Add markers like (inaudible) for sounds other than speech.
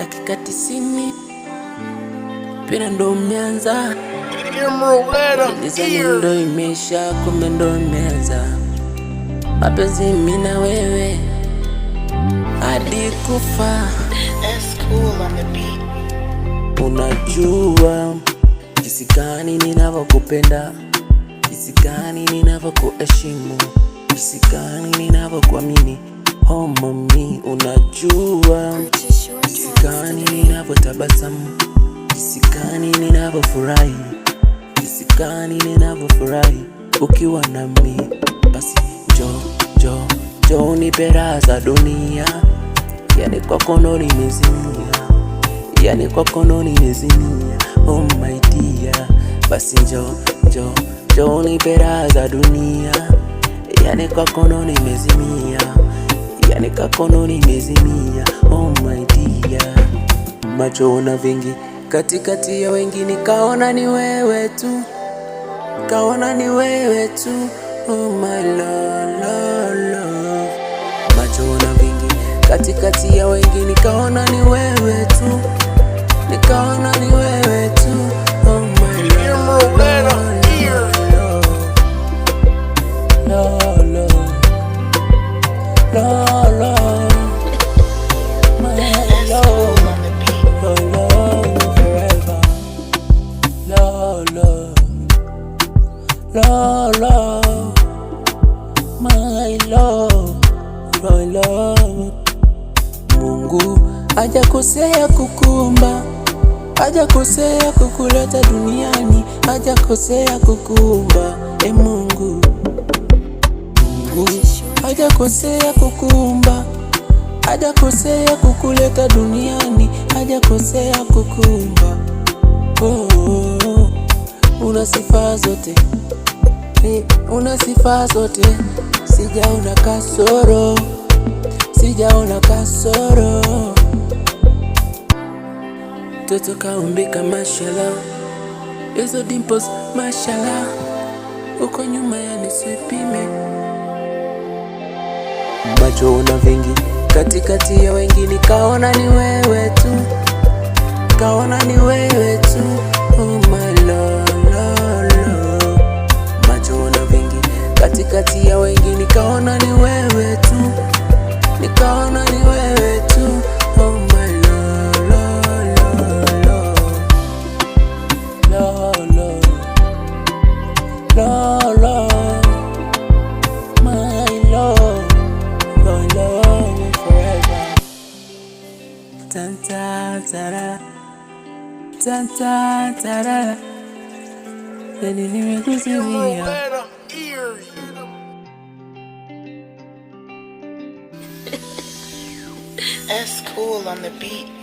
dakika tisini mpira ndo umeanza, gizani ndo imeisha, kumbe ndo umeanza, mapenzi mimi na wewe hadi kufa. Unajua jinsi gani ninavyokupenda, jinsi gani ninavyokuheshimu, jinsi gani ninavyokuamini, oh mami, unajua ninapotabasamu, jinsi gani ninavyofurahi, jinsi gani ninavyofurahi ukiwa nami. Basi njoo, njoo, njoo unipe raha za dunia, yani kwako ndo nimezimia, yani kwako ndo nimezimia, oh my dear. Basi njoo, njoo, njoo unipe raha za dunia, yani kwako ndo nimezimia, yani kwako ndo nimezimia, oh my macho machoona vingi katikati ya wengi, nikaona ni wewe tu, kaona ni wewe tu, oh my love, love. love. Macho Machoona vingi katikati ya wengi, nikaona ni wewe love, my love, my love. Mungu hajakosea kukumba, hajakosea kukuleta duniani, hajakosea kukumba, e Mungu. Mungu hajakosea kukumba, hajakosea kukuleta duniani, hajakosea kukumba. Oh, Oh, oh, una sifa zote ni una sifa zote, sijaona kasoro, sijaona kasoro. Mtoto kaumbika, mashala hizo dimples mashala, uko nyuma yanisipime, macho una vingi katikati ya wengi, nikaona ni wewe tu, kaona ni wewe tu, oh ta ta (laughs) That's cool on the beat.